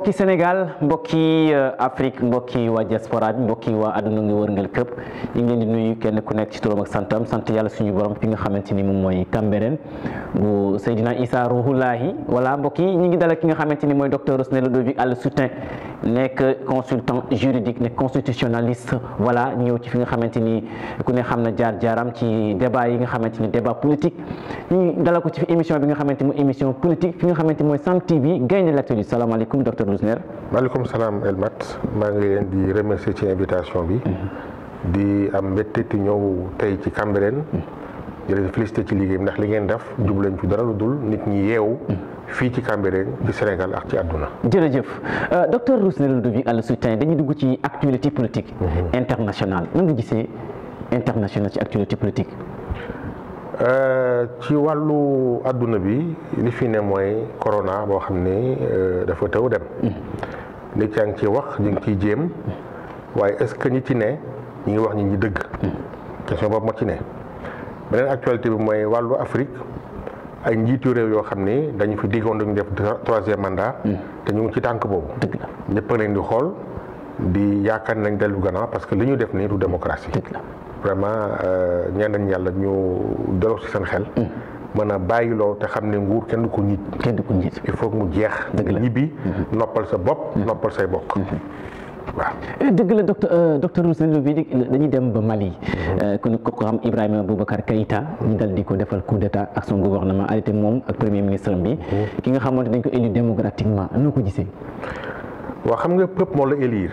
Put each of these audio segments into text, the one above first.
mbokki Sénégal mbokki euh, Afrique mbokki waa diaspora bi mbokki wa àdduna ngi wërngal këpp ngi ku nekk ci turam ak santam sant yàlla suñu borom fi nga xamante ni moom mooy Cambérène bu Seydina Issa Ruhulahi voilà mbokki ngi dalal ki nga xamante ni mooy docteur Rossneh Ludovic Alla Soutien nekk consultant juridique nekk constitutionnaliste voilà ñëw ci fi nga xamante ni ku ne xam na jaar-jaaram ci débat yi nga xamante ni politique nga xamante ni mooy émission politique fi nga xamante ni mooy Sam TV gaynde l'actualité salaamaaleykum docteur Rousner. maaleykum salaam Elmat maa ngi leen di remercier ci invitation bi. Mhm. di am mbégte ci ñëw tey ci Cambérène. Mhm. di leen ci liggéey bi ndax li ngeen def mhm. jublu leen ci dara lu dul nit ñi yeew fii ci Cambérène ci Sénégal ak ci àdduna. jërëjëve euh, docteur Rousner Ludovic Alla Soutin dañuy dugg ci actualité politique. internationale nan nga gisee ci actualité politique. Euh, ci wàllu adu bi li fi ne mooy corona boo xam ne euh, dafa taw dem nit yaa ngi ciy wax ñu ngi ciy jéem waaye est-ce que ñi ci ne ñi ngi wax ñi ñi dëgg question boobu moo ci ne beneen actualité bi mooy wàllu Afrique ay njiitu réew yoo xam dañu fi diggoon def mandat te ñu leen di yakan di yaakaar nañ dellu gannaaw parce que li def du démocratie vraiment euh, ñaan nañ yàlla ñu delloo si seen xel. Mm. mën a bàyyiloo te xam ne nguur kenn du ko njiit. kenn du ko njiit il faut mu jeex. dëgg la ñibbi mm-hmm. noppal sa bopp. Mm-hmm. noppal say bokk. Mm-hmm. waaw eh, dëgg la docteur euh, docteur Ousseynou bi dañuy dem ba Mali. kon euh, ko xam Ibrahima Boubacar Keïta ñu dal di ko defal coup d'état ak son gouvernement arrêté moom ak premier ministre bi. ki nga xamante dañ ko élu démocratiquement noo ko gisee. waaw xam nga peuple moo la élire.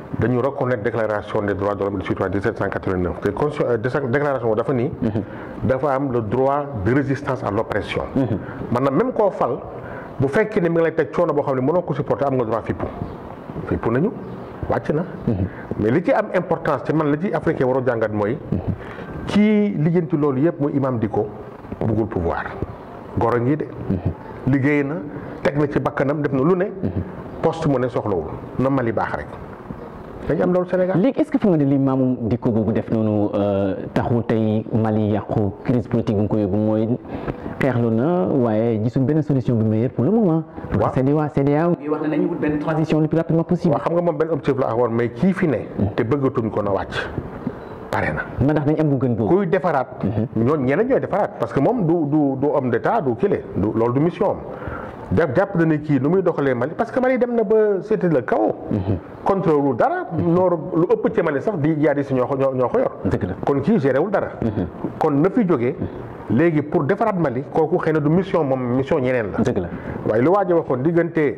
dañu reconnaître déclaration des droits de l'homme de du citoyen 1789 te euh, déclaration boobu dafa mhm. dafa am le droit de résistance à l'oppression. Mhm. maanaam même ko fal bu fekk qu'il mi ngi lay teg choono bo xamni ne supporter am nga droit fippu fippu nañu wacc na. Mhm. mais li ci am importance ci man la ci africain waro jàngat moy ki lijjanti lolu yëpp moy imam diko bugul pouvoir goro ngi de. liggéey na tek na ci bakkanam def na lu ne. poste mo ne soxlawul na Mali bax rek. dañ am loolu Sénégal. léegi est ce que fi nga ne lii maamu dikku googu def noonu euh, taxu tey Mali yàqu crise politique bu ñu ko yóbbu mooy xeexlu na waaye gisuñ benn solution bu meilleure pour le moment. waaw CEDEAO waa yi wax nañu wut benn xam nga moom benn objectif la amoon mais kii fi ne. Mm. te bëggatuñ ko na wàcc. pare na man ndax dañ am bu gën boobu kuy defaraat. Mm-hmm. ñooñu ñeneen ñooy defaraat parce que moom du du du homme d'état du kile du loolu du mission am jàpp jàpp na ne kii nu muy doxalee Mali parce que Mali dem na ba c'était le chaos. Mhm. contrôle dara. Mhm. noor lu ëpp ci Mali sax di jaadis ñoo ko ñoo ko yor. dëgg kon kii géré wul dara. Mhm. kon na fi jóge léegi pour defaraat Mali kooku xëy na du mission moom mission ñeneen la. dëgg la waaye lu waaj a waxoon diggante.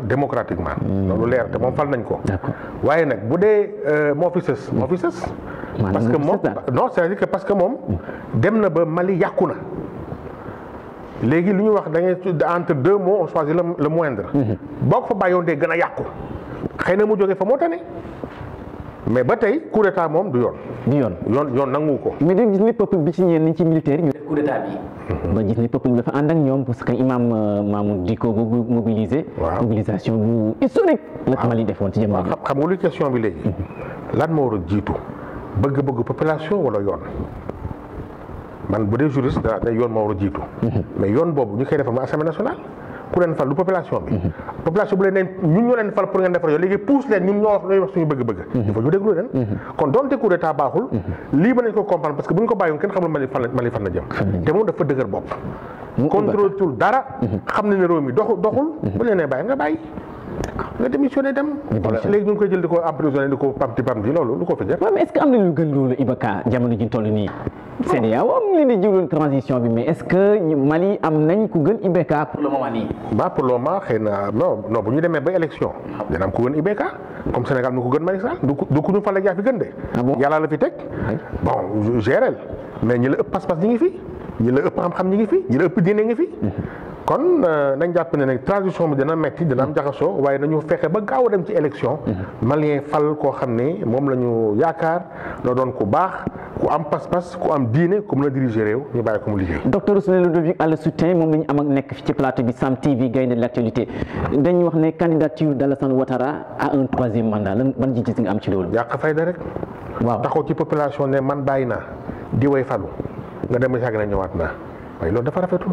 fal démocratiquement. Hmm. loolu leer te moom fal nañ ko. waaye nag bu dee moo fi moo fi sës. parce que moom que parce que dem na ba Mali yàqu na. léegi lu ñu wax da ngay entre deux mots on choisit le moindre. Hmm. boo ko fa bàyyoon dee gën a yàqu. xëy na mu jógee fa moo tane mais ba tey coup d'état moom du yoon. yoon nangu ko. mais dañu gis ne peuple bi ci ñeen ni ci militaire coup d'état bi. ba gis ne peuple bi dafa ànd ak ñoom parce que imam euh, Mamour Dicko boobu mobilisé. waaw mobilisation bu historique. la Mali defoon ci jamono xam nga lu question bi léegi. Mhm. lan moo war a jiitu bëgg-bëgg population wala yoon. man bu dee juriste da day yoon moo war a jiitu. Mhm. mais yoon boobu ñu koy defar ma assemblée ku leen fal du population bi. population bu leen ne ñun ñoo leen fal pour ngeen defar yow léegi pousse leen ñun ñoo wax ñooy wax suñu bëgg-bëgg. il faut ñu déglu leen. kon donte coup d'état baaxul. lii mën nañu ko comprendre parce que bu ñu ko bàyyiwoon kenn xamul Mali fan la Mali fan la jëm. te moom dafa dëgër bopp. mu tul dara. xam na ne réew mi doxul doxul. bu leen nee bàyyi nga bàyyi. d'accord nga démissionné dem. Légui ñu koy jël diko ko diko di ko pamti pamti loolu lu ko fa jar. mais est-ce que amna ñu gën lolu Ibaka jamono ji toll ni? CEDEAO am li di jiwloon transition bi mais est-ce que Mali am nañ ku gën Ibeka pour le moment ni? ba pour le moment xëy non non bu ñu démé ba élection. dina am ku gën Ibeka comme Sénégal ñu ko gën Macky Sall du ku ñu fal ak yaa fi gën dé. Ah yàlla la fi teg bon gérel mais ñi la ëpp pass pas ñi ngi fi ñi la ëpp am xam ñi ngi fi ñi la ëpp diine ngi fi mhm kon euh, nañ japp ne nag transition bi dina metti dina am jaxasoo waaye nañu fexe ba gaaw dem ci élection mhm. malien fal ko xamné mom lañu la do don ku bax ku am pass pass ku am diiné ku mën a diriger réew ñu bàyyi ko mu liggéey. docteur Ousmane Ludovic Alla Soutien mom lañu am ak nekk fi ci plateau bi Sam TV gaynde l'actualité l' wax né candidature d'Alassane Ouattara à un troisième mandat lan ban ci gis nga am ci lolu yàq fayda rek. waaw taxaw ci population né man bayina di way falu nga dem ba yàgg na ñëwaat naa waaye loolu dafa rafetul.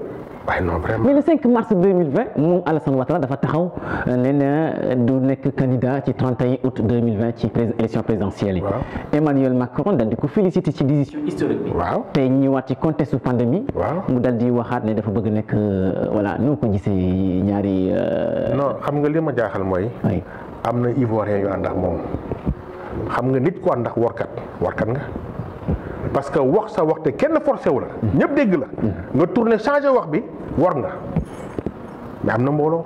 Bah, le 5 mars 2020 Alassane Ouattara euh, euh, candidat 31 août 2020 élection présidentielle Emmanuel Macron a félicité décision historique Il nous fait un ci la pandémie. mu dal di fait euh, un non xam nga veux jaaxal ivoirien parce que wax sa wax te kenn forcé wu la ñëpp dégg la nga tourné changé wax bi war nga mais am na mbooloo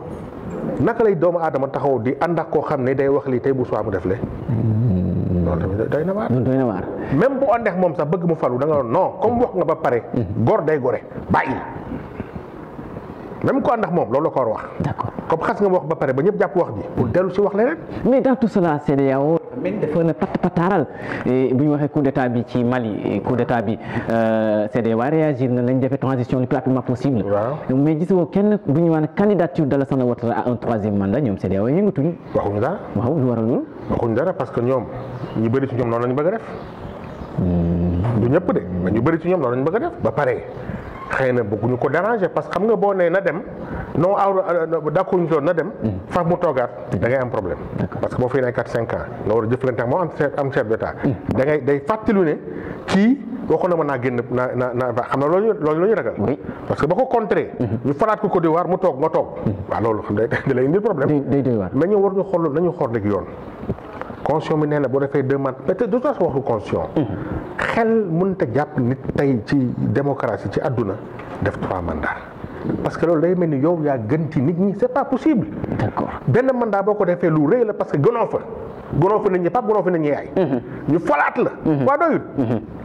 naka lay doomu aadama taxaw di ànd ak koo xam ne day wax lii tey bu soir mu def le loolu tamit doy na même bu àndeex moom sax bëgg mu falu da nga non comme wax nga ba pare gor day gore bàyyi même ko andax mom lolou ko war wax d'accord comme xass nga wax ba paré ba ñepp japp wax ji pour delu ci wax leneen mais dans tout cela c'est benn dafa na pat bu ñu waxee coup d'état ci Mali coup d'état bi euh, CEDEAO réagir na lañ defee transition le plus rapidement possible. mais gisoo kenn bu ñu wax candidature d'Alassane Ouattara à un troisième mandat ñoom CEDEAO yëngatuñu. waxuñu dara waaw lu waral loolu. dara parce que ñoom ñu bëri ci ñoom noonu ñu bëgg a hmm. de mais ñu bëri ci ñoom noonu la ñu a ba pare. xëy na ñu ko déranger parce que xam nga boo nee na dem non aw dakkuñu doon na dem. Hmm. fax mu toogaat hmm. da ngay am problème. parce que boo fi nekk 4 5 ans nga war a jëflante ak moom am chef am chef d'état hmm. da ngay day fàttali ne kii waxoon na ma naa génn na na naa xam na loolu loolu la ñu ragal. parce que ba ko contrer. ñu falaat ko Côte d'Ivoire mu toog nga toog. waaw loolu xam da lay indi problème. day day mais ñu war ñu xool nañu xool rek yoon. conscient bi nee na boo defee deux mandats peut être dootoo waxu conscient. Mm-hmm. xel mënut a jàpp nit tey ci démocratie ci àdduna def man mandats. parce que loolu day mel ni yow yaa gën ci nit ñi c'est pas possible. d'accord benn mandat boo ko defee lu rëy la parce que gënoo fa. gënoo fa nit ñi pap gënoo fa nit yaay. Mm-hmm. ñu falaat la. Mm-hmm. waa doyul.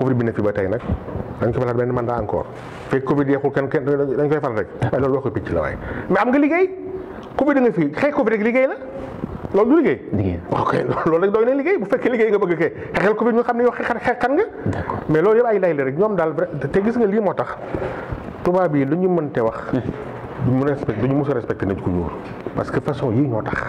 Covid bi ne fi ba tey nag dañ ko falaat benn mandat encore fekk Covid yeexul kenn kenn dañ koy faral rek waaye loolu waxu picc la waaye mais am nga liggéey Covid da nga fi xëy la loolu du loolu rek doy na liggéey bu fekkee liggéey nga bëgg kay xeexal Covid ñu xam ne yow xeexan nga. mais loolu yëpp ay lay la rek ñoom daal te gis nga lii moo tax tubaab yi lu ñu mënte wax. Hmm. duñu respecté duñu mos a respecté nit ku ñuul parce que façon yii ñoo tax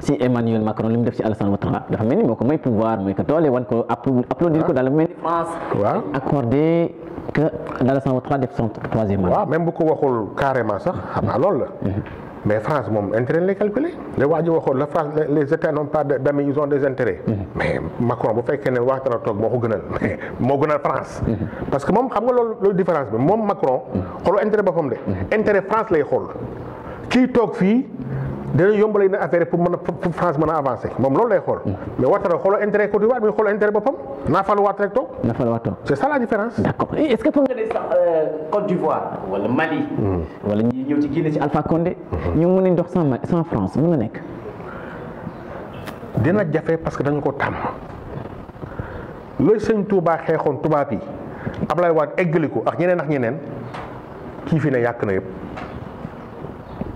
si Emmanuel Macron lui mu def si Alassane Ouattara dafa mel ni moo ko may pouvoir mooy que doole wan ko applaudir ko daal mel ni France waaw accordé que Alassane Ouattara def son troisième mandat même bu ko waxul carrément sax xam naa la mhm. mais France moom intérêt les calculer la wax ji la France les états n'ont pas d'amis ils ont des intérêts mhm. mais Macron bu fekkee ne Ouattara toog moo ko gënal mais moo gënal France mhm. parce que moom xam nga loolu loolu différence bi Macron xoolu intérêt boppam de intérêt France lay xool kii toog fii dina yombalé na affaire pour mën pour France mën avancer mom moom loolu lay xol mm. mais watara xooloo intérêt Côte d'Ivoire mi xooloo intérêt boppam naa faluwaat rek toog. naa faluwaat toog c' ça la différence. d'accord accord est ce que foog nga ne sax euh, Côte d'Ivoire wala Mali. Mm. wala ñi ñew ci Guinée ci Alpha Condé. Mm-hmm. ñu mën dox sans sans France mën nek dina jafé parce que dañ ko tam looy seigne Touba xeexoon tubaab bi Ablaye Wade eggali ko ak ñeneen ak ñeneen ki fi ne yak na yépp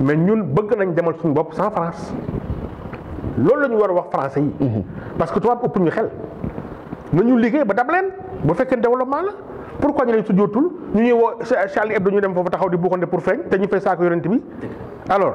mais ñun bëgg nañ demal suñu bopp sans France loolu la ñu war a wax français yi. Mhm. parce que tubaab ëpp ñu xel. nañu liggéey ba dab leen bu fekkee développement la pourquoi ñu lay sujjootul ñu ñuy woo Charlie Hebdo ñu dem foofu taxaw di buuxante pour feeñ te ñu fay saako yonent bi alors.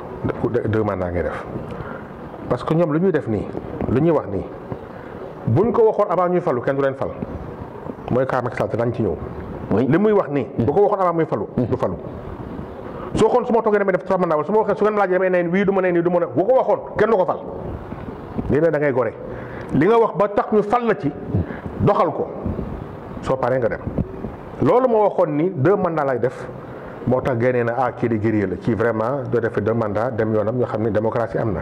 man naa ngay def parce que ñoom lu ñuy def nii lu ñuy wax nii buñ ko waxoon avant ñuy falu kenn leen fal mooy kaa Macky Sall ci ñëw. li muy wax nii. Mm. bu ko waxoon avant muy falu. Mm. du falu soo xoon su ma toogee damay def trois mandats wala su ma waxee su ngeen laajee damay neen wii du ma neen nii du ma ne bu ko waxoon kenn du ko fal lii dangay da gore li nga wax ba tax ñu fal la ci doxal ko soo paree nga dem loolu moo waxoon ni deux mandats lay def. moo tax génnee na ah kii di guerrier la ci vraiment doo def deux mandat dem yoonam ñoo xam ne démocratie am na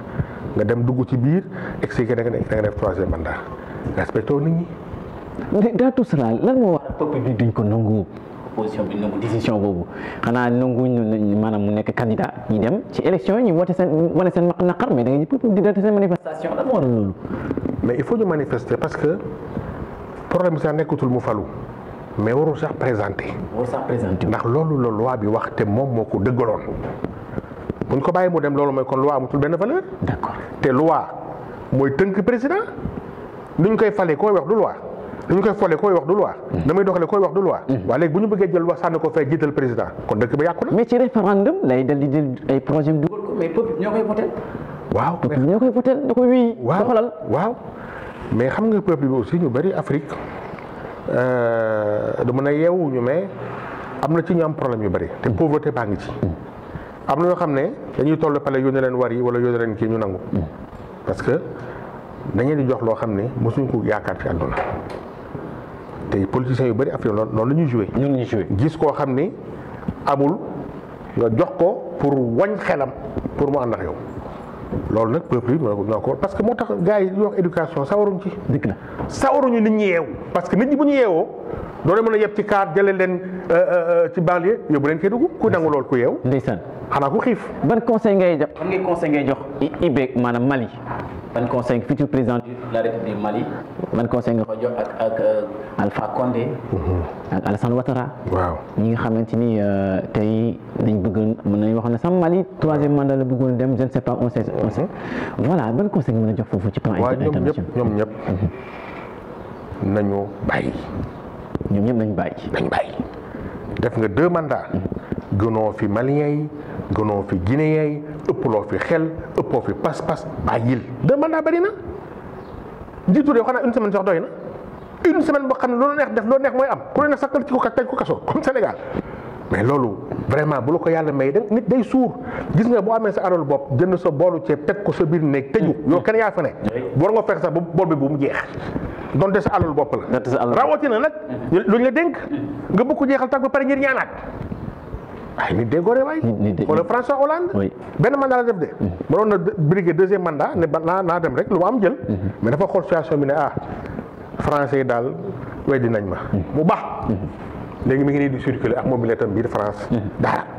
nga dem dugg ci biir expliqué da nga def troisième mandat respecté nit ñi. mais dans tout cela lan moo duñ ko nangu opposition bi boobu xanaa nangu ñu maanaam mu nekk candidat ñi dem ci élection yi ñu woote seen wane seen naqar mais da nga peuple di doote seen manifestation lan moo waral loolu. mais il faut ñu manifester parce que problème bi sax nekkatul mu falu. mais warul sax présenté. warul sax présenté ndax loolu la loi bi wax té mom moko ko buñ ko bàyyi mu dem loolu moy kon loi amatul ben valeur. d'accord té loi moy teunk président lu koy falé koy wax du loi lu koy folee koy wax du loi. Hmm. damay doxalé koy wax du loi. Hmm. wa léegi buñu bëggé jël wax sànni ko fay jiital président kon dëkk ba yàqu na. mais ci référendum lay dal di jël ay projet bi dugal ko mais peuple ñokay koy voté. waaw ñokay ñoo voté da ko wii. waaw waaw mais xam nga peuple bi aussi ñu bari Afrique. Euh, du mën a yeewuñu mais am na ci ñu am problème yu bari te pauvreté baa ngi ci. Mm. am na yoo xam ne dañuy toll pale yónnee leen war yi wala yónnee leen kii ñu nangu. Mm. parce que dañu di jox loo xam ne mosuñ ko yaakaar ci àdduna te politiciens yu bëri affaire noonu noonu la ñuy joué. ñun ñuy joué gis koo xam ni amul nga jox ko pour wañ xelam pour mu ànd ak yow loolu nag peuple yi ñoo ko parce que moo tax gars yi di éducation sawaruñ ci. dikk na sawaruñu nit ñi yeewu parce que nit ñi bu ñu yeewoo doo leen mën a yeb ci kaar jëlee leen euh, euh, euh, ci banlieue yóbbu leen kii dugg ku nangu lool ku yeewu. ndeysaan xana ku xif ban conseil ngay jox ban ngay conseil ngay jox. IBEC manam Mali. ban conseil futur président de la République du Mali. ban conseil nga ko jox ak ak Alpha Condé. Mm-hmm. ak Alassane Ouattara. waaw ñi nga xamanteni ni tey dañ bëgg mën nañu wax ne sama Mali troisième mandat la bëggoon dem je ne sais pas on sait on sait mm-hmm. voilà ban conseil nga mën a jox foofu ci plan international. waaw ñoom ñëpp ñoom ñëpp. Mm-hmm. nañu bàyyi. ñoom ñëpp ñu bàyyi. nañu bàyyi def nga deux mandats. gënoo fi maliens yi gënoo fi guinéens yi ëpploo fi xel ëppoo fi pas-pas bàyyil deux mandats bëri na. njiitu réew xanaa une semaine sax doy na une semaine boo xam ne loolu neex def loolu neex mooy am ku ne sakkal ci ko ko kaso comme Sénégal mais loolu vraiment bu la ko yàlla may da nit day suur gis nga boo amee sa alal bopp jënd sa boolu ceeb teg ko sa biir néeg tëju mm. yow kenn yaa fa ne mm. war nga fekk sax ba bool bi bu mu jeex donte sa alal bopp la. donte sa alal rawatina nag. luñ la dénk. nga bëgg ko jeexal tàgg ba pare ngir ñaanaat. ay nit déggoo de waay. nit dé wala François Hollande. benn mandat la def de. mënoon mm-hmm. na briguer deuxième mandat ne ba naa naa dem rek lu ma am jël. Mm-hmm. mais dafa xool situation bi ne ah français daal weddi nañ ma. Mm-hmm. mu baax. léegi mi ngi nii di circuler ak mobilitam biir France. dara.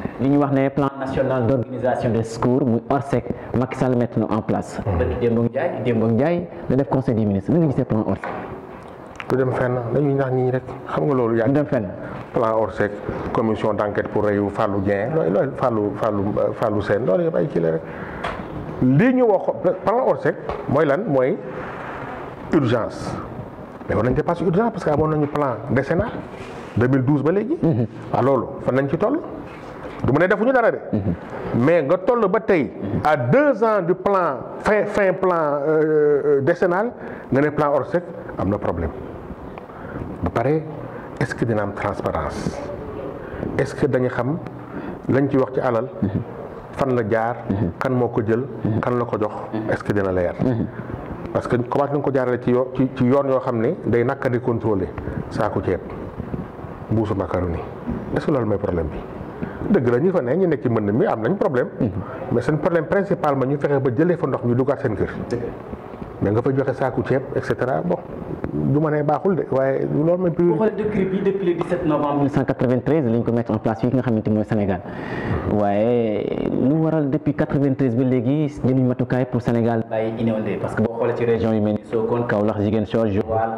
li wax né plan national d'organisation des secours muy ORSEC Macky Sall mettre na en place. dëkk mm-hmm. Demba Ndiaye Demba Ndiaye da def conseil des ministres nan nga gisee plan ORSEC. du dem fenn dañuy nax nit ñi rek xam nga loolu. yaa dem fenn plan ORSEC commission d'enquête pour reyu Fallou Dieng looy looy Fallou Fallou euh, Fallou sen loolu yëpp ay ci la rek lii ñu wax plan ORSEC moy lan moy urgence mais war nañ dépassé urgence parce que amoon nañu plan décennal 2012 ba légui mm-hmm. waaw lolu fa nañ ci toll du ma ne defuñu dara de. Mhm. mais nga toll ba tey à deux ans du plan fin fin plan euh, euh décennal nga plan Orsec am na problème ba pare est-ce que dina am transparence est-ce que dañu xam lañ ci wax ci alal. Mhm. fan la jaar. Mhm. kan moko ko jël. kan la ko jox est-ce que dina leer. parce que commencé nañ ko jaarale ci yoo ci ci yoon yoo xam day nakandi di contrôler saako ceeb mbuusu macaroni est-ce que loolu mooy problème bi dëgg la ñu fa né ñu nekk ci mën mi am nañ problème mhm. mais seen problème principalement ñu fexé ba jëlé fa ndox ñu duggaat seen kër mais nga fa joxé saaku ceeb et cetera bon du ma ne dé waye waaye loolu mooy priorité. xoolee décret bi depuis le 17 novembre 1993 la ñu ko mettre en place fii nga xamante moy Sénégal mhm. waye lu waral depuis 93 ba léegi ñu matukaay pour Sénégal bàyyi inondé parce que bo xolé ci région yu mel Sokone Kaolack Ziguinchor Joal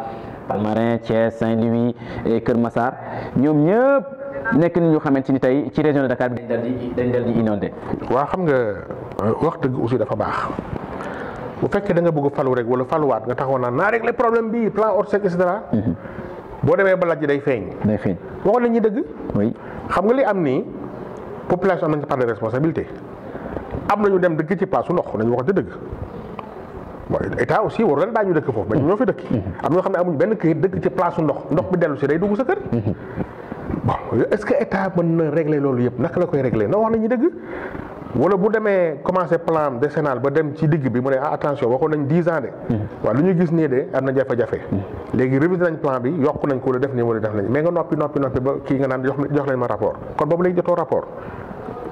Palmarin Thiès Saint-Louis et Kër Massar ñom ñëpp. nekk ni ñu xamante ni tey ci région de Dakar bi dañ dal di dañ dal di inondé. xam nga euh, wax dëgg aussi dafa baax bu fekkee da nga bëgg falu rek wala faluwaat nga taxaw naa rek régler problème bi plan Orsec et cetera. Mhm. boo demee ba lajj day feeñ. day feeñ waxoon nañu dëgg. oui xam nga li am nii population am nañu part am nañu dem dëkk ci paasu ndox nañu waxante dëgg. waaw état aussi waru leen bàyyi ñu dëkk foofu. ba ñoo fi dëkk. Mhm. am ñoo xam ne amuñu benn këyit dëkk ci place ndox ndox bi dellu si day dugg sa kër. Mhm. bon est ce que état mën na régler loolu yëpp naka la koy régler na wax nañu dëgg wala bu demee commencé plan décennal ba dem ci digg bi mu ne ah attention waxoon nañ dix ans de. Hmm. waaw lu gis nii de am na jafe-jafe. Hmm. léegi nañ plan bi yokk nañ ko wala def nii wala def nañ mais nga noppi noppi noppi ba kii nga naan jox jox leen ma rapport kon boobu léegi jotoo rapport.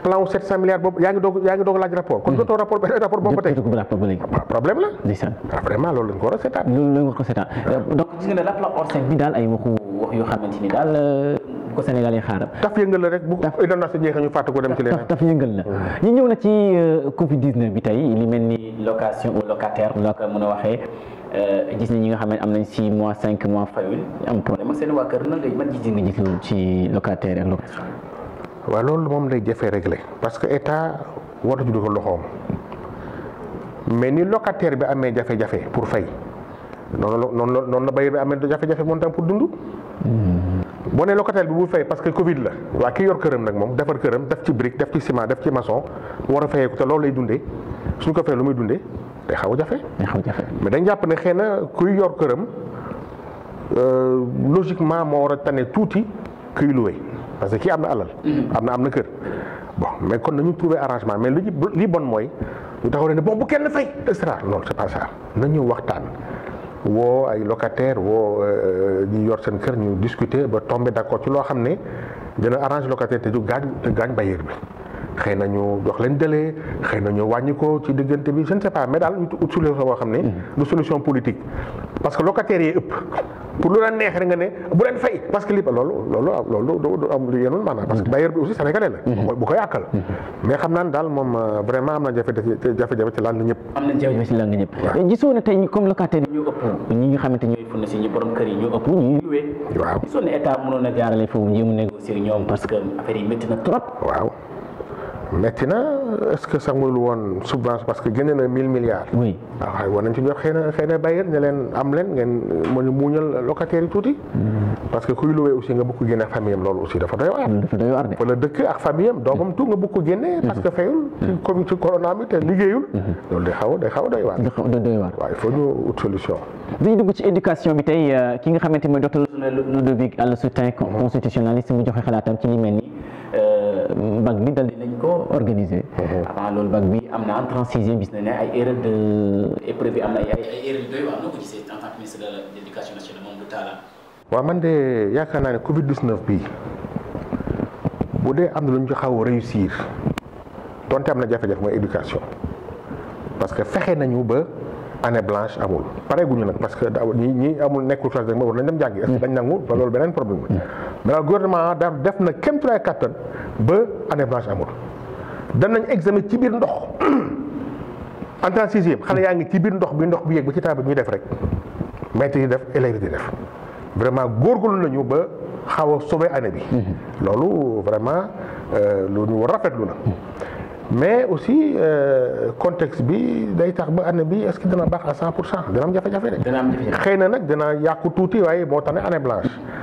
plan wu 700 milliards boobu yaa ngi doog yaa ngi doog laaj rapport. kon hmm. jotoo rapport benn rapport boobu tey. Ah, problème la. ndeysaan ah, vraiment loolu lañ ko war a seetaan. loolu lañ ko war ah. donc gis nga ne rapport hors sec bi daal ay waxu wax yoo xamante ni euh, bu ko Sénégal yi xaaral. taf yëngal la rek bu hmm. ñëw na ci euh, Covid bi tey li mel ni location ou locataire la ko a waxee euh, gis nañ ñi nga xam ne am nañ 6 mois cinq mois fayul am problème ak seen waa kër nan lay man gis nga ci locataire ak location. waa loolu moom lay jafee réglé parce que état waratu dugal loxoom mais ni locataire bi amee jafe-jafe pour fay. noonu la noonu la noonu la béykat bi amee jafe-jafe moom tam pour dund. boo nee locataire bi bu fay parce que Covid la waa ki yor këram nag moom defar këram def ci brique def ci ciment def ci maçon war a fayeeku te loolu lay dundee suñ ko fayee lu muy dundee day xaw a jafe. day mais dañ jàpp ne xëy na kuy yor këram euh, logiquement moo war a tane tuuti kuy loué parce que kii am na alal. Mm-hmm. am na am na kër. bon mais kon nañu trouver arrangement mais li li bon mooy ñu taxaw ne bon bu kenn fay extra loolu c'est pas ça nañu waxtaan. wo ay locataire wo euh, ñu yor seen discuter ba tomber d'accord ci avons dina locataire xëy na ñu jox leen délai xëy na ñu wàññi ko ci diggante bi je ne sais pas mais daal ut solution boo xam ne. Mm-hmm. du solution politique. parce que locataires yi ëpp pour lu la neex rek nga ne bu leen fay parce que lii loolu loolu loolu du am lu yenul maanaam. parce mm-hmm. lan la mm-hmm. euh, ñëpp. am na jafe si a jaarale foofu ñu négocier ñoom parce que affaire yi métti trop. waaw. metti na est-ce que saxul woon subvention parce que génne na mille milliards. oui ah, waaw xay war nañ ci jox xëy na xëy na bailleur ne leen am leen ngeen mën a muuñal locataire tuuti. Mm. parce que kuy luwee aussi nga bëgg ko génne famille am loolu aussi dafa doy waar. Mm, dafa doy waar de. wala ak famille am mm. tu nga bëgg génne. parce que fayul ci Covid liggéeyul. Mm-hmm. loolu xaw a xaw a doy waar. da doy waar waaw il faut ñu ut solution. dañuy dugg éducation bi tey euh, ki nga xam ni mooy docteur Ludovic Allain Soutin mm-hmm. constitutionnaliste mu joxe xalaatam ci li bac bi dal dinañ ko organiser. Mhm. avant loolu bac bi am en 36e gis nañ ay erreur de épreuve amna ay erreur de waar noo ko gisee en tant que ministre de l' nationale mom du taala. waaw man de yakana naa ne Covid 19 bi bu dee am luñ ci xaw réussir donte amna jafé jafe-jafe éducation parce que fexé nañu ba. année blanche amul pareeguñu nag parce que ñi ñi amul nekkul classe rek dem mm. dañ nangu loolu beneen problème la mm. mais gouvernement da def na kéem tolluwaay kattan ba année blanche amul danañ examen ci biir ndox en tant sixième xale yaa ngi ci biir ndox bi ndox bi yéeg ba ci taal bi ñuy def rek maître yi def élèves di def vraiment góor góorgóorlu nañu ba xaw a sauver année bi mm-hmm. loolu vraiment euh, lu ñu rafetlu na mais aussi euh, contexte bi day tax ba année bi est-ce que dina baax à 100 pour cent dina am jafe-jafe de. dina am jafe-jafe xëy na nag dina yàqu tuuti waaye moo tax ne année blanche.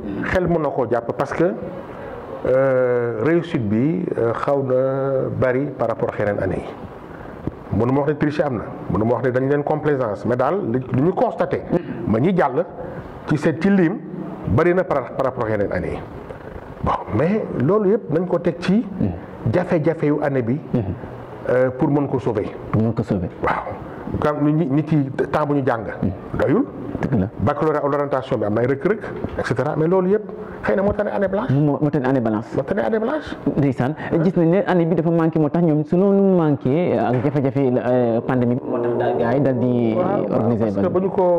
ni xel mën na parce que euh, réussite bi euh, xawna bari par rapport ak yeneen année yi. mënu ma wax ne triche amna na mënu ma wax ne dañ leen complaisance mais dal lu constaté. ma ñi jall ci cette ci bari na par par rapport yeneen année yi bon mais lolu yëpp nañ ko tek ci. jafé jafé yu année bi. Mhm. Euh, pour mën ko sauver. mën ko sauver waaw. comme nit yi temps bu ñu jang mhm. doyul. dëgg la baccalauréat l'orientation bi am na rëkk-rëkk et cetera mais loolu na moo tane année blanche. moo moo tane année blanche. moo tane année blanche. ndeysaan ne année bi dafa manqué moo tax ñoom su loolu manqué ak jafe-jafe euh, pandémie moo tax daal gars daal di. organiser ba ñu ko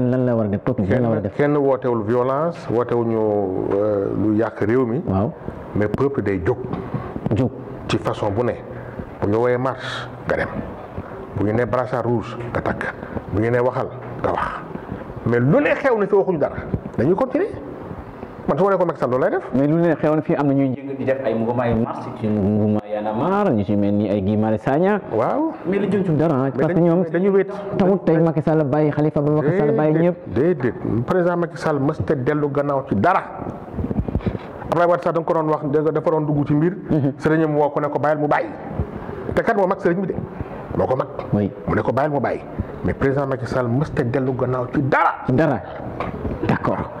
lan lan la war a def topp lan la a def kenn wootewul violence wootewuñu euh, lu yàq réew mi. waaw mais peuple day jóg. jóg ci façon bu ne bu ñu woowee marche nga dem bu ñu nee brassard rouge nga takk bu ñu nee waxal nga wax mais lu ne xew na fi waxuñu dara dañuy continuer. man su ma nekkoon Macky Sall loolu lay def. mais lu ne xew na ay mouvement ay marche ci mouvement ñu ci mel ni ay Guy Marius Sagna. waaw mais li jëm ci dara. parce que ñoom dañu wéet taxul tey Macky Sall bàyyi Khalifa ba Macky Sall bàyyi ñëpp. président Macky Sall mës te dellu gannaaw ci dara. Abdoulaye Wade sax da nga ko doon wax dafa dugg ci mbir. Mhm. sëriñam woo ko ne ko bàyyil mu bàyyi. te kat moo mag sëriñ bi de moo ko mag. mu ne ko bàyyil mu bàyyi mais président Macky Sall mës te dellu gannaaw ci dara. dara d'accord.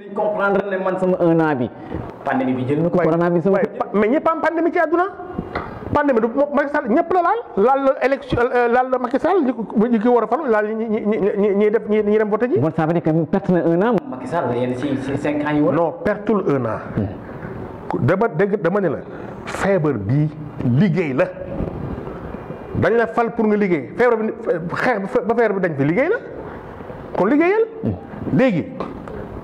comprendre ne man sama un an bi pandémie bi jël na ko corona bi sama mais ñëpp am pandémie ci àdduna pandémie du Macky Sall ñëpp la laal laal la élection euh, laal la Macky Sall ñi ki war a falu laal ñi def ñi dem vote ji bon ça veut dire que perte na un an Macky Sall pertul un an hmm. dama dégg dama ne la feebar bi liggéey la dañ la fal pour nga liggéey feebar bi xeex ba feebar bi dañ fi liggéey la kon liggéeyal hmm. léegi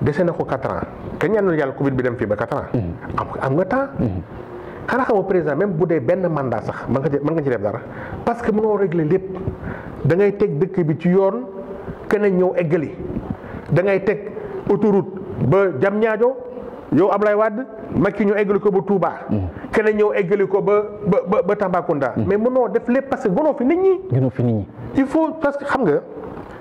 dese na ko quatre ans te ñaanul yàlla Covid bi dem fii ba quatre ans. Mhm. am am nga temps. Mhm. xanaa xam nga président même bu dee benn mandat sax mën nga ci mën nga ci def dara parce que mënoo régler lépp da ngay teg dëkk bi ci yoon keneen ñëw eggali da ngay teg autoroute ba jam Diamniadio yow Ablaye Wade ki ñu eggali ko ba Touba. Mhm. keneen ñëw eggali ko ba ba ba Tambacounda. mais mënoo def lépp parce que mënoo fi nit ñi. mënoo fi nit ñi il faut parce xam nga.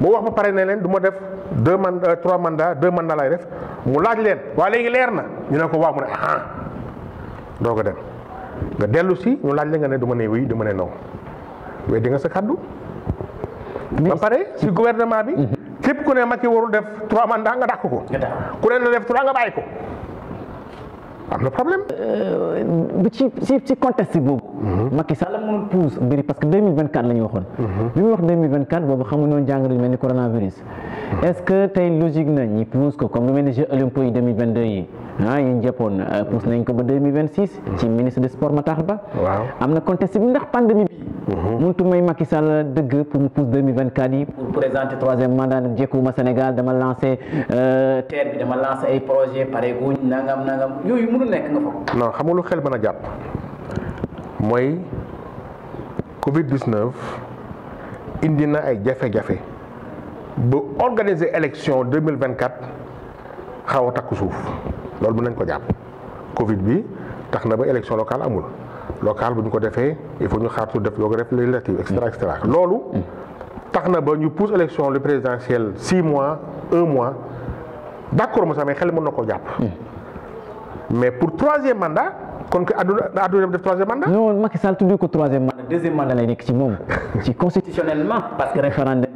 mu wax ba pare ne leen def deux mandats euh, trois mandats deux mandats lay def mu laaj leen waa léegi leer na ñu ne ko waaw mu ne ah doo ko dem nga dellu si ñu laaj nga ne du ma ne oui du non mais di nga sa kaddu. ba si gouvernement bi. Mhm. képp ku ne Macky warul def trois mandats nga dàq ko. ku ne na def trois nga bàyyi am na problème. Euh, bi ci ci ci contexte boobu. Mhm. Macky Sall mënul pousse mbiri parce que 2024 la ñu waxoon. Mhm. bi mu wax 2024 boobu xamuñu woon jàngoro yu mel ni coronavirus. est-ce que une logique na ñi pousse comme nous mel ni Jeux olympiques 2022 en Japon, pour 2026 le ministre des sports Matarba, Ba y a contesté bi ndax pandémie bi mhm. muntu may Macky Sall dëgg pour pousse 2024 pour présenter troisième mandat au Sénégal dama lancé euh, terre bi dama lancer ay projet pare guñ nangam nangam yooyu mënu nekk nga fa non xam nga lu xel mën a Moi, covid 19 indi na ay jafe-jafe organiser élection 2024 ça va être ce Covid bi tax élection locale locale ko il faut ñu Il def def mm. Mm. élection présidentielle six mois un mois d'accord mais ça mais xel ne na pas. Mm. mais pour troisième mandat comme que troisième mandat. non ko troisième mandat deuxième mandat constitutionnellement parce que référendum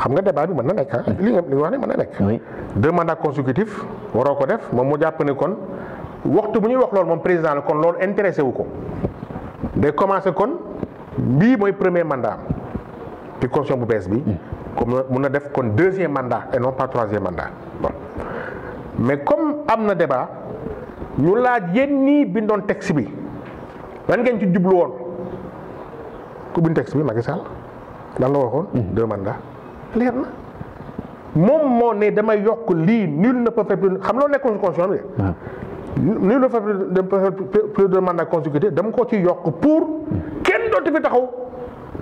xam nga débat bi mën na nekk ah. li nga li wax ne mën na nekk. deux mandats consécutifs waroo ko def moom mu jàpp ne kon waxtu bu ñuy wax loolu moom président la kon loolu intéressé wu ko day commencé kon bii mooy premier mandat ci constitution bu bees bi. comme mun na def kon deuxième mandat et non pas troisième mandat bon mais comme am na débat ñu laaj yéen ñii bindoon texte bi lan ngeen ci jublu woon ku bind texte bi Macky Sall lan la waxoon. Mm. deux mandats leer na moom moo ne damay yokk li nul ne peut faire xam lo nekkoon constitution bi nul ne peut faire plus de mandat consécutif dam ko ci yokk pour ken do te fi taxaw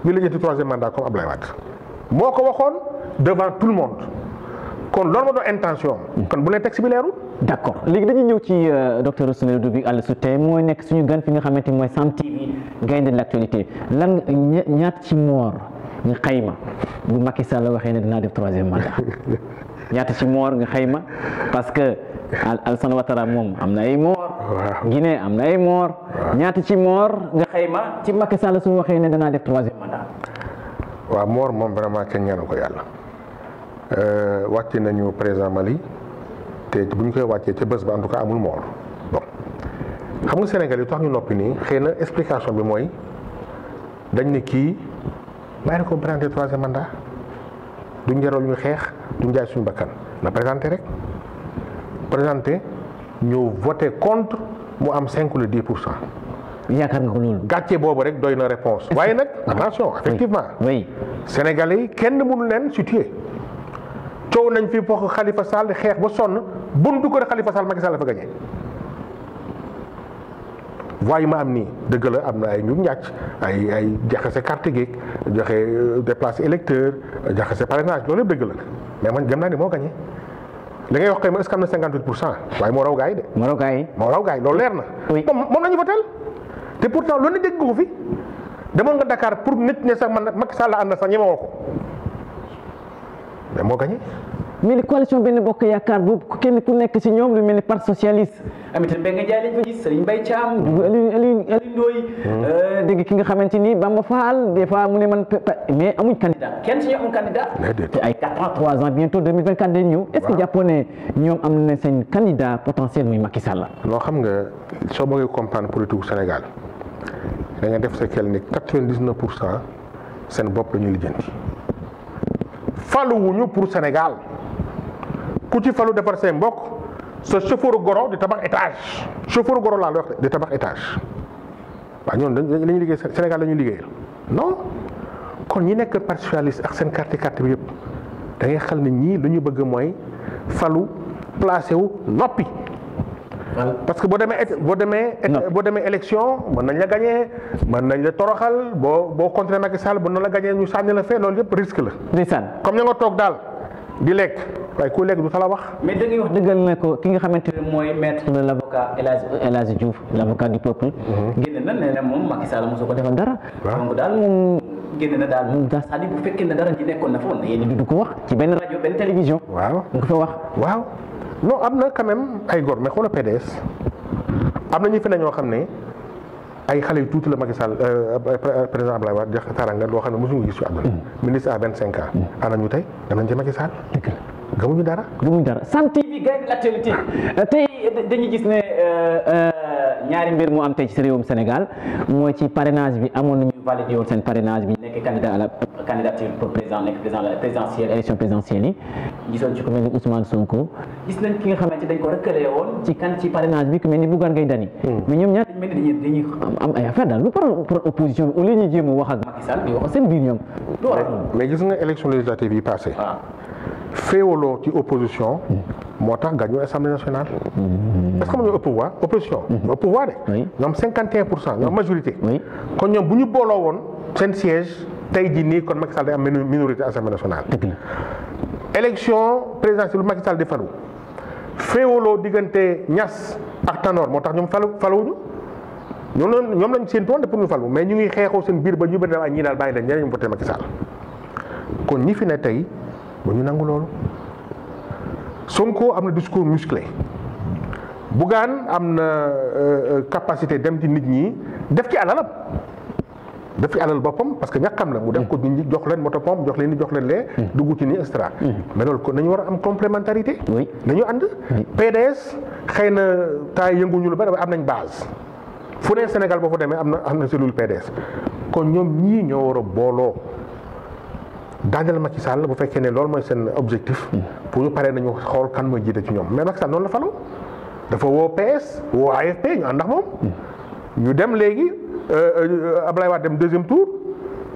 ni la jëti troisième mandat comme Ablaye Wade moko waxone devant tout le monde kon loolu mo do intention mm. kon bu ne texte bi leerul d'accord accord léegi dañuy ñëw ci euh, docteur Souleymane Doudou Alassouté mooy nekk suñu gan fi nga xamante moy mooy Sam TV gaynde de l' lan ñaat ci mort ñu xayma bu Macky la waxee ne dinaa def troisième mandat ñaata ci moor nga xayma parce que Alassane Ouattara moom am na ay moor. Guinée am na ay moor. ñaati ci moor nga xayma ci Macky Sall su waxee ne danaa def troisième mandat. waaw moor moom vraiment kenn ko yàlla euh, wàcce nañu président te bu koy wàccee ca bés ba en xam nga Sénégal yi tax ñu noppi nii xëy na explication bi mooy dañ ne kii. bàyyi na ko brandé troisième mandat duñ jaral ñu xeex duñ jaay suñu bakkan na présenté rek présenté ñu voté contre mu am 5 ou 10 pour cent. nga ko loolu. gàcce bobu rek doy na réponse waaye nak attention effectivement. oui Sénégalais yi kenn mënu leen situé ciow nañ fi bokk Khalifa Sall xex ba sonn buntu ko Khalifa Sall Macky Sall fa gagné. voix yi ma am nii dëgg la am na ay ñu ñàcc ay ay jaxase carte geeg joxe euh, déplacé électeur jaxase parrainage loolu yëpp dëgg la mais man gëm naa ni moo gagné li ngay wax kay ma est na 58 pour cent waaye moo raw gaa yi de. moo raw gaa yi moo raw gaa yi loolu leer na. moom moom la ñu votel te pourtant loolu ne dégg ko fi demoon nga Dakar pour nit ne sax man Macky Sall am na sax ñemewoo ko mais moo gagné. mais coalition ben bokk yakar boobu kenn ku nek ci ñom lu melni parti socialiste amité Mbengue Ndiaye lañ fa gis Serigne Mbaye Thiam Aliou Aliou Ndoye hmm. euh, dégg ki nga xamante ni Bamba Fall des fois mu ne man mais amuñ candidat kenn ci ñoom am candidat te ay 4 ans trois ans bientôt 2024 mille vingt est ce que jàppoo ne am na seen candidat potentiel muy Macky Sall lo xam nga so bëggee comprendre politique Sénégal da nga def sa xel ni 99% vingt dix neuf pour cent seen bopp la ñuy lijjanti faluwuñu pour Sénégal ku Fallou falu defar say mbokk sa chauffeur goro di tabax étage chauffeur goro laa la wax di tabax étage waaw ñoom dañu dañuy liggéey Sénégal la ñuy non kon ñi nek parti socialiste ak sen carte carte bi yëpp da ngay xal ni ñi luñu bëgg moy Fallou placé wu noppi. parce que bo démé bo démé bo démé élection mën nañ la gagner mën nañ la toroxal bo bo continué Macky Sall mën na la gagner ñu sànni la fé loolu yépp risque la. ndeysaan comme ña tok dal di lek waaye ku lekk du tala wax. mais da ngay wax dëggal na ki nga xamante ne mooy maître de l' avocat El Hadj Diouf l' avocat du peuple. Mhm. génn na nee na moom Macky Sall mosu ko defal dara. donc daal moom génn bu ko wax ci benn rajo ko wax. waaw non na quand ay góor mais xoolal PDS am na ñu fi xam ne ay xale yu tuuti la Macky Sall euh, président Abdoulaye Wade jox taranga loo xam ne mosuñu gis ci àdduna. Mm. ministre à cinq ans. Mm. ana ñu tey dem nañ ci Macky gëmuñu dara gëmuñu dara Sam TV gaynde l'actualité euh, tay euh, dañu gis né euh euh ñaari mbir mu am tay ci réewum Sénégal mooy ci parrainage bi amoon ñu validé woon seen parrainage bi nek candidat à la candidature pour président nek président la présidentielle élection présidentielle yi gisoon ci ku mel Ousmane Sonko gis nañ ki nga xamante dañ ko rëkkale woon ci kan ci parrainage bi ku melni ni Bougane Gueye Dany hmm. mais ñom ñaar dañ mel ni dañuy am ay affaire dal lu pour opposition bi au lieu ñu jéem wax ak Macky Sall bi wax seen biir ñom mais gis nga élection législative yi passé ah féolo qui opposition. moi t'as gagné l'Assemblée nationale. Mm-hmm. est-ce qu'on est au pouvoir opposition. au mm-hmm. pouvoir nous sommes 51 la majorité. Quand nous bu ñu siège tey jii Macky Sall est am minorité assemblée nationale. élection présidentielle Macky Sall est falu féewaloo ak Tanor avons nous de pour ñu mais ñu ngi pas ba ñu la Macky Sall bu ñu nangu loolu Sonko am na discours musclé Bougane am na euh, euh, capacité dem ci nit ñi def ci alalam def ci alal boppam parce que ñàkkam la mu def ko nit ñi jox leen moto pompe jox leen di jox leen lee mm. dugg ci ni extra mm. mais loolu kon nañu war a am complémentarité nañu ànd PDS xëy na temps yënguñu lu bari am nañ baas fu ne Sénégal boo fa demee am na am na cellule PDS kon ñoom ñii ñoo war a booloo daaneel Macky Sall bu fekkee ne loolu mooy seen objectif. Mm. pour ñu paree nañu xool kan mooy jiite ci ñoom mais Macky Sall noonu la faloo dafa woo PS woo AFP ñu ànd ak moom. Mm. ñu dem léegi euh, euh, Ablaye Wade dem deuxième tour.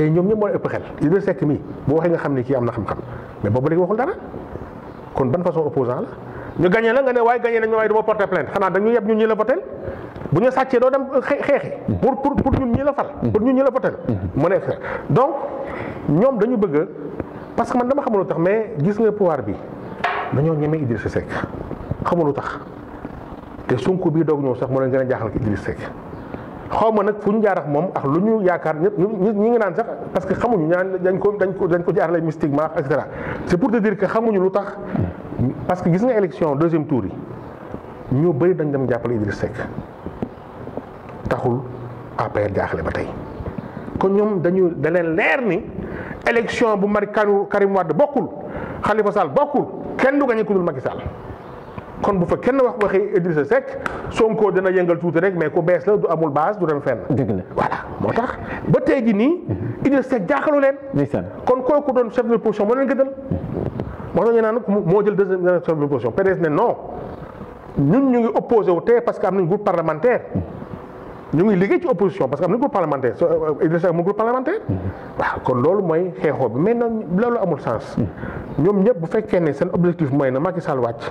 te ñoom ñëpp moo ëpp xel Idrissa Seck mii boo waxee nga xam ni kii am na xam-xam mais boobu léegi waxul dara kon ban façon opposant la ñu gagné la nga ne waaye gagné nañ ma waaye du ma porter plainte xanaa dañu yeb ñun ñi la votel bu ñu sàccee doo dem xeexi pour pour pour ñun ñi la fal pour ñun ñi la votel mu ne donc ñoom dañu bëgg parce que man dama xamul lu tax mais gis nga pouvoir bi dañoo ñeme Idrissa Seck xamul lu tax te Sonko bii doog ñëw sax moo leen gën a jaaxal ki Idrissa Seck xaw ma nag fu ñu jaarax moom ak lu ñu yaakaar ñëpp ñu ngi naan sax parce que xamuñu ñaan dañ ko dañ ko dañ ko jaarale mystiquement et cetera c'est pour te dire que xamuñu lu tax parce que gis nga élection deuxième tour yi ñoo bëri dañ dem jàppale Idriss Seck taxul APR jaaxle ba tey kon ñoom dañu da leer ni élection bu mari Karim Wade bokkul Khalifa Sall bokkul kenn du gañe ku dul Macky kon bu fa kenn wax waxi Idrissa Seck Sonko dina yëngal tuuti rek mais ku bees la du amul base du dem fenn. dëgg la voilà motax ba tey jii nii. Mhm. Idrissa Seck jaaxalu leen. kon kooku doon chef de l'opposition mo leen gënal. mo tax ñu naan moo jël deuxième chef de l'opposition PDS ne non ñun ñu ngi opposé wu té parce que am nañ groupe parlementaire. ñu ngi liggé ci opposition parce que am na groupe parlementaire so euh, Idrissa amul groupe parlementaire. Mhm. wa kon loolu moy xeexoo bi mais non loolu amul sens. Mhm. ñom ñëpp bu fekké né seen objectif moy na Macky Sall wàcc.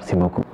merci beaucoup.